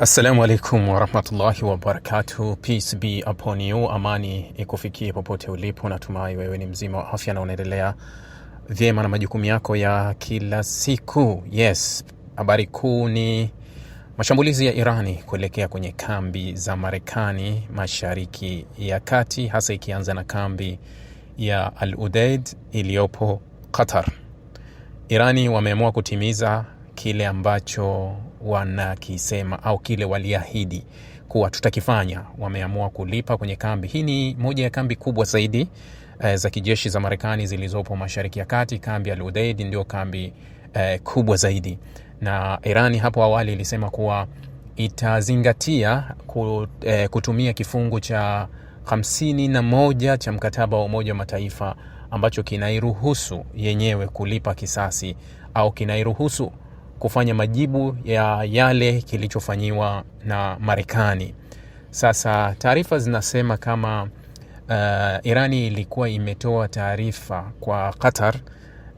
Assalamu alaikum warahmatullahi wabarakatuh. Peace be upon you, amani ikufikie popote ulipo. Natumai wewe ni mzima wa afya na unaendelea vyema na majukumu yako ya kila siku. Yes, habari kuu ni mashambulizi ya Irani kuelekea kwenye kambi za Marekani mashariki ya kati, hasa ikianza na kambi ya Al Udeid iliyopo Qatar. Irani wameamua kutimiza kile ambacho wanakisema au kile waliahidi kuwa tutakifanya. Wameamua kulipa kwenye kambi hii. Ni moja ya kambi kubwa zaidi eh, za kijeshi za Marekani zilizopo Mashariki ya Kati. Kambi ya ludeid ndio kambi eh, kubwa zaidi, na Irani hapo awali ilisema kuwa itazingatia eh, kutumia kifungu cha 51 cha mkataba wa Umoja wa Mataifa ambacho kinairuhusu yenyewe kulipa kisasi au kinairuhusu kufanya majibu ya yale kilichofanyiwa na Marekani. Sasa taarifa zinasema kama uh, Irani ilikuwa imetoa taarifa kwa Qatar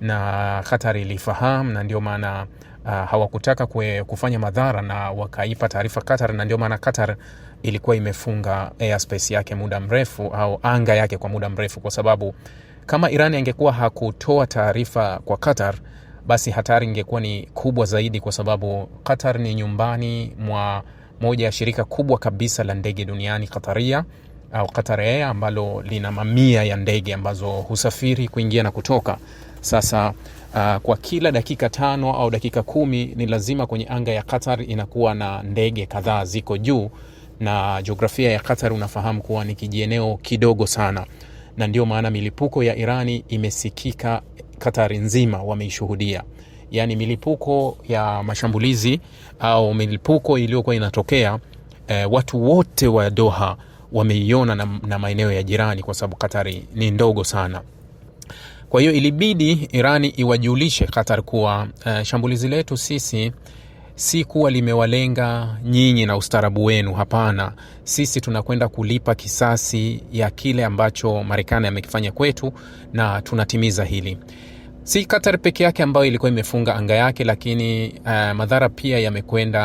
na Qatar ilifahamu na ndio maana uh, hawakutaka kwe, kufanya madhara na wakaipa taarifa Qatar, na ndio maana Qatar ilikuwa imefunga airspace yake muda mrefu au anga yake kwa muda mrefu, kwa sababu kama Irani angekuwa hakutoa taarifa kwa Qatar basi hatari ingekuwa ni kubwa zaidi, kwa sababu Qatar ni nyumbani mwa moja ya shirika kubwa kabisa la ndege duniani, Qataria au Qatar Air, ambalo lina mamia ya ndege ambazo husafiri kuingia na kutoka. Sasa uh, kwa kila dakika tano au dakika kumi ni lazima kwenye anga ya Qatar inakuwa na ndege kadhaa ziko juu, na jiografia ya Qatar unafahamu kuwa ni kijieneo kidogo sana, na ndio maana milipuko ya Irani imesikika Katari nzima wameishuhudia, yaani milipuko ya mashambulizi au milipuko iliyokuwa inatokea e, watu wote wa Doha wameiona na, na maeneo ya jirani, kwa sababu Katari ni ndogo sana. Kwa hiyo ilibidi Irani iwajulishe katari kuwa uh, shambulizi letu sisi si kuwa limewalenga nyinyi na ustaarabu wenu. Hapana, sisi tunakwenda kulipa kisasi ya kile ambacho Marekani amekifanya kwetu, na tunatimiza hili. Si Qatar peke yake ambayo ilikuwa imefunga anga yake, lakini uh, madhara pia yamekwenda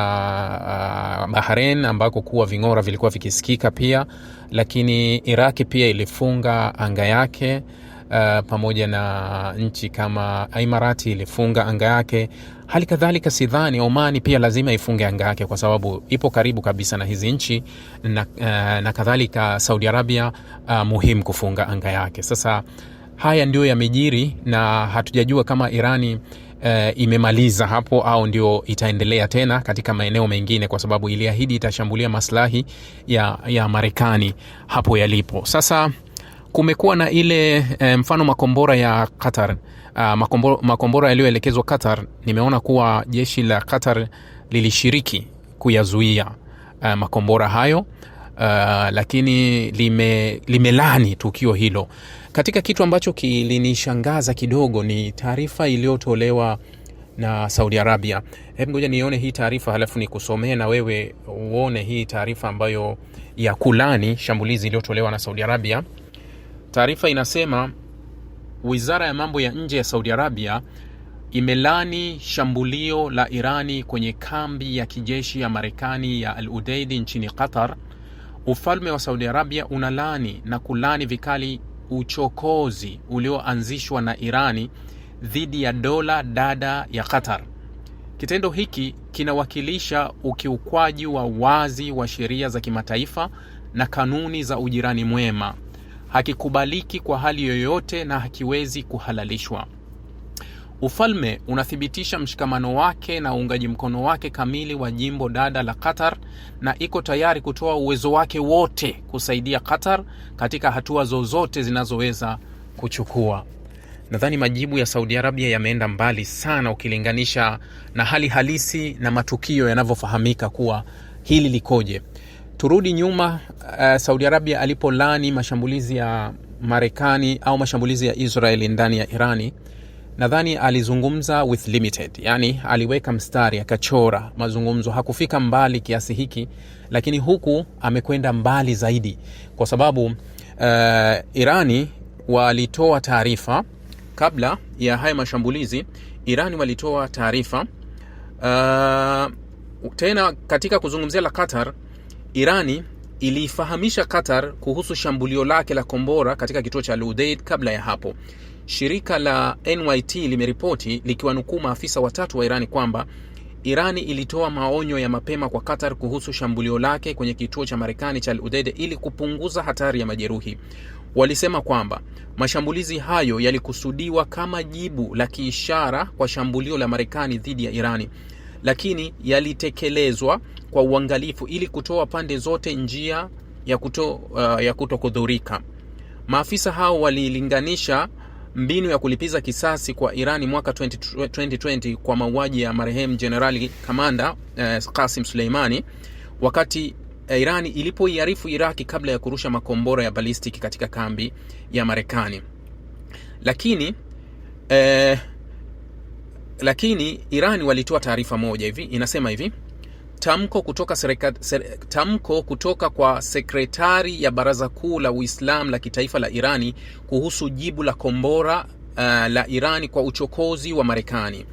uh, Bahrain ambako kuwa ving'ora vilikuwa vikisikika pia, lakini Iraki pia ilifunga anga yake. Uh, pamoja na nchi kama Imarati ilifunga anga yake, Hali kadhalika sidhani Omani pia lazima ifunge anga yake kwa sababu ipo karibu kabisa na hizi nchi na, eh, na kadhalika Saudi Arabia uh, muhimu kufunga anga yake. Sasa haya ndio yamejiri na hatujajua kama Irani Uh, eh, imemaliza hapo au ndio itaendelea tena katika maeneo mengine, kwa sababu iliahidi itashambulia maslahi ya, ya Marekani hapo yalipo sasa kumekuwa na ile eh, mfano makombora ya Qatar uh, makombora, makombora yaliyoelekezwa Qatar. Nimeona kuwa jeshi la Qatar lilishiriki kuyazuia uh, makombora hayo uh, lakini lime, limelani tukio hilo. Katika kitu ambacho kilinishangaza kidogo ni taarifa iliyotolewa na Saudi Arabia. Hebu ngoja nione hii taarifa halafu nikusomee na wewe uone hii taarifa ambayo ya kulani shambulizi iliyotolewa na Saudi Arabia. Taarifa inasema wizara ya mambo ya nje ya Saudi Arabia imelani shambulio la Irani kwenye kambi ya kijeshi ya Marekani ya Al Udeid nchini Qatar. Ufalme wa Saudi Arabia unalani na kulani vikali uchokozi ulioanzishwa na Irani dhidi ya dola dada ya Qatar. Kitendo hiki kinawakilisha ukiukwaji wa wazi wa sheria za kimataifa na kanuni za ujirani mwema hakikubaliki kwa hali yoyote na hakiwezi kuhalalishwa. Ufalme unathibitisha mshikamano wake na uungaji mkono wake kamili wa jimbo dada la Qatar na iko tayari kutoa uwezo wake wote kusaidia Qatar katika hatua zozote zinazoweza kuchukua. Nadhani majibu ya Saudi Arabia yameenda mbali sana ukilinganisha na hali halisi na matukio yanavyofahamika kuwa hili likoje. Turudi nyuma uh, Saudi Arabia alipolani mashambulizi ya Marekani au mashambulizi ya Israeli ndani ya Irani, nadhani alizungumza with limited, yani aliweka mstari akachora mazungumzo. Hakufika mbali kiasi hiki, lakini huku amekwenda mbali zaidi, kwa sababu uh, eh, Irani walitoa taarifa kabla ya haya mashambulizi. Irani walitoa taarifa uh, tena katika kuzungumzia la Qatar Irani iliifahamisha Qatar kuhusu shambulio lake la kombora katika kituo cha Ludeid kabla ya hapo. Shirika la NYT limeripoti likiwanukuu maafisa watatu wa Irani kwamba Irani ilitoa maonyo ya mapema kwa Qatar kuhusu shambulio lake kwenye kituo cha Marekani cha Ludeid ili kupunguza hatari ya majeruhi. Walisema kwamba mashambulizi hayo yalikusudiwa kama jibu la kiishara kwa shambulio la Marekani dhidi ya Irani, lakini yalitekelezwa kwa uangalifu ili kutoa pande zote njia ya, kuto, uh, ya kutokudhurika. Maafisa hao walilinganisha mbinu ya kulipiza kisasi kwa Irani mwaka 2020, 2020 kwa mauaji ya marehemu Jenerali Kamanda uh, Qasim Suleimani wakati uh, Irani ilipoiarifu Iraki kabla ya kurusha makombora ya balistiki katika kambi ya Marekani. Lakini eh, lakini Irani walitoa taarifa moja hivi inasema hivi Tamko kutoka, serika, ser, tamko kutoka kwa sekretari ya Baraza Kuu la Uislamu la Kitaifa la Irani kuhusu jibu la kombora uh, la Irani kwa uchokozi wa Marekani.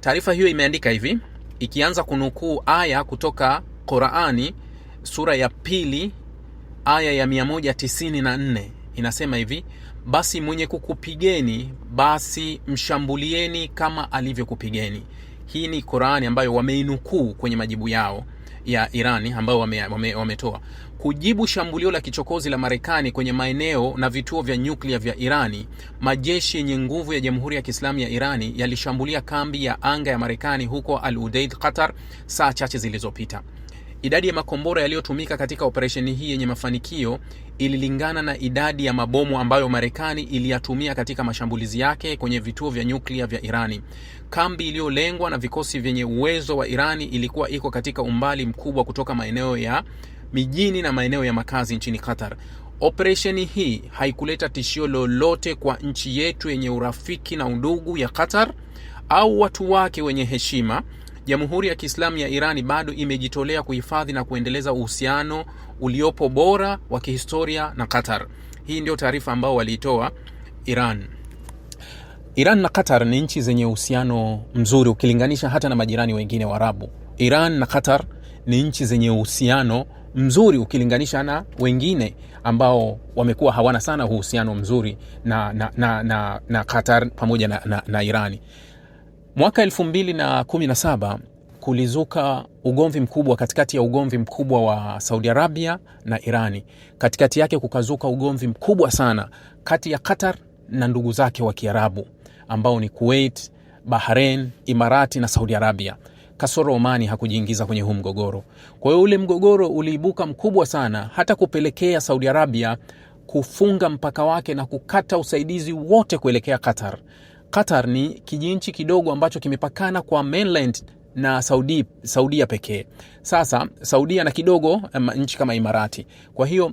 Taarifa hiyo imeandika hivi ikianza kunukuu aya kutoka Qurani sura ya pili aya ya 194 inasema hivi: basi mwenye kukupigeni basi mshambulieni kama alivyokupigeni hii ni Qurani ambayo wameinukuu kwenye majibu yao ya Irani ambayo wame, wame, wametoa kujibu shambulio la kichokozi la Marekani kwenye maeneo na vituo vya nyuklia vya Irani. Majeshi yenye nguvu ya Jamhuri ya Kiislamu ya Irani yalishambulia kambi ya anga ya Marekani huko Al Udeid, Qatar, saa chache zilizopita. Idadi ya makombora yaliyotumika katika operesheni hii yenye mafanikio ililingana na idadi ya mabomu ambayo Marekani iliyatumia katika mashambulizi yake kwenye vituo vya nyuklia vya Irani. Kambi iliyolengwa na vikosi vyenye uwezo wa Irani ilikuwa iko katika umbali mkubwa kutoka maeneo ya mijini na maeneo ya makazi nchini Qatar. Operesheni hii haikuleta tishio lolote kwa nchi yetu yenye urafiki na undugu ya Qatar au watu wake wenye heshima Jamhuri ya Kiislamu ya Irani bado imejitolea kuhifadhi na kuendeleza uhusiano uliopo bora wa kihistoria na Qatar. Hii ndio taarifa ambao waliitoa Iran. Iran na Qatar ni nchi zenye uhusiano mzuri ukilinganisha hata na majirani wengine Waarabu. Iran na Qatar ni nchi zenye uhusiano mzuri ukilinganisha na wengine ambao wamekuwa hawana sana uhusiano mzuri na, na, na, na, na Qatar pamoja na, na, na Irani. Mwaka 2017 kulizuka ugomvi mkubwa katikati ya ugomvi mkubwa wa Saudi Arabia na Irani. Katikati yake kukazuka ugomvi mkubwa sana kati ya Qatar na ndugu zake wa Kiarabu ambao ni Kuwait, Bahrain, Imarati na Saudi Arabia. Kasoro Omani hakujiingiza kwenye huu mgogoro. Kwa hiyo ule mgogoro uliibuka mkubwa sana hata kupelekea Saudi Arabia kufunga mpaka wake na kukata usaidizi wote kuelekea Qatar. Qatar ni kijinchi kidogo ambacho kimepakana kwa mainland na Saudi, Saudia pekee. Sasa Saudia na kidogo nchi kama Imarati. Kwa hiyo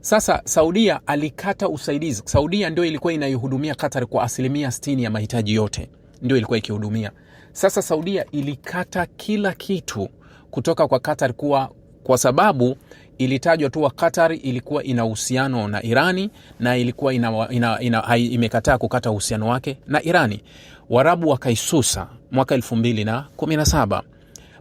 sasa Saudia alikata usaidizi. Saudia ndio ilikuwa inaihudumia Qatar kwa asilimia 60 ya mahitaji yote, ndio ilikuwa ikihudumia. Sasa Saudia ilikata kila kitu kutoka kwa Qatar kuwa kwa sababu ilitajwa tu Qatar ilikuwa ina uhusiano na Irani na ilikuwa ina, ina, ina, imekataa kukata uhusiano wake na Irani. warabu wakaisusa mwaka 2017.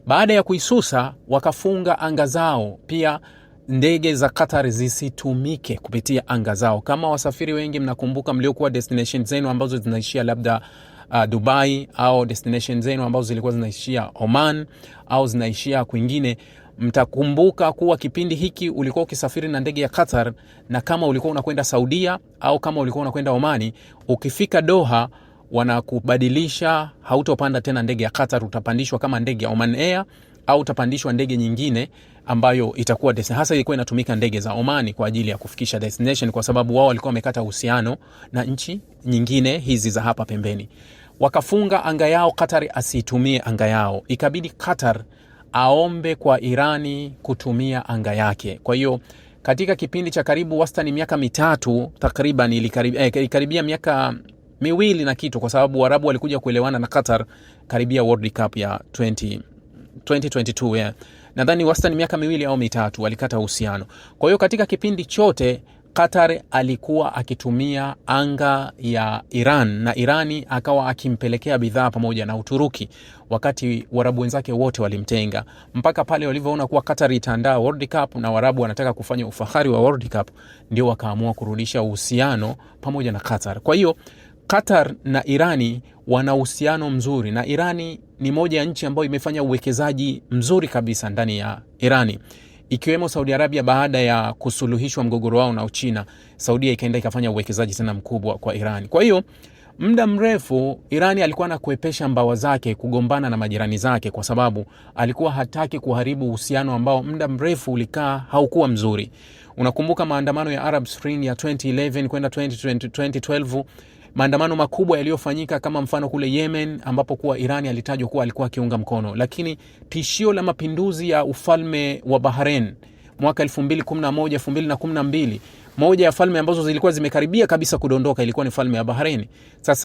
Baada ya kuisusa wakafunga anga zao pia ndege za Qatar zisitumike kupitia anga zao. Kama wasafiri wengi mnakumbuka, mliokuwa destination zenu ambazo zinaishia labda uh, Dubai au destination zenu ambazo zilikuwa zinaishia Oman au zinaishia kwingine Mtakumbuka kuwa kipindi hiki ulikuwa ukisafiri na ndege ya Qatar, na kama ulikuwa unakwenda Saudia au kama ulikuwa unakwenda Omani, ukifika Doha wanakubadilisha, hautopanda tena ndege ya Qatar, utapandishwa kama ndege ya Oman Air au utapandishwa ndege nyingine ambayo itakuwa hasa ilikuwa inatumika ndege za Omani kwa ajili ya kufikisha destination, kwa sababu wao walikuwa wamekata uhusiano na nchi nyingine hizi za hapa pembeni, wakafunga anga yao. Qatar asitumie anga yao, ikabidi Qatar aombe kwa Irani kutumia anga yake. Kwa hiyo katika kipindi cha karibu wastani miaka mitatu takriban ilikaribia, eh, ilikaribia miaka miwili na kitu, kwa sababu Waarabu walikuja kuelewana na Qatar karibia World Cup ya 20, 2022 yeah. Nadhani wastani miaka miwili au mitatu walikata uhusiano. Kwa hiyo katika kipindi chote Qatar alikuwa akitumia anga ya Iran na Irani akawa akimpelekea bidhaa pamoja na Uturuki, wakati Warabu wenzake wote walimtenga mpaka pale walivyoona kuwa Qatar itaandaa World Cup na Warabu wanataka kufanya ufahari wa World Cup, ndio wakaamua kurudisha uhusiano pamoja na Qatar. Kwa hiyo Qatar na Irani wana uhusiano mzuri na Irani ni moja ya nchi ambayo imefanya uwekezaji mzuri kabisa ndani ya Irani ikiwemo Saudi Arabia baada ya kusuluhishwa mgogoro wao na Uchina, Saudia ikaenda ikafanya uwekezaji tena mkubwa kwa Irani. Kwa hiyo muda mrefu Irani alikuwa anakuepesha mbawa zake kugombana na majirani zake, kwa sababu alikuwa hataki kuharibu uhusiano ambao muda mrefu ulikaa haukuwa mzuri. Unakumbuka maandamano ya Arab Spring ya 2011 kwenda 2012 maandamano makubwa yaliyofanyika kama mfano kule Yemen ambapo kuwa Iran alitajwa kuwa alikuwa akiunga mkono, lakini tishio la mapinduzi ya ufalme wa Bahrain mwaka 2011 2012, moja ya falme ambazo zilikuwa zimekaribia kabisa kudondoka ilikuwa ni falme ya Bahrain. Sasa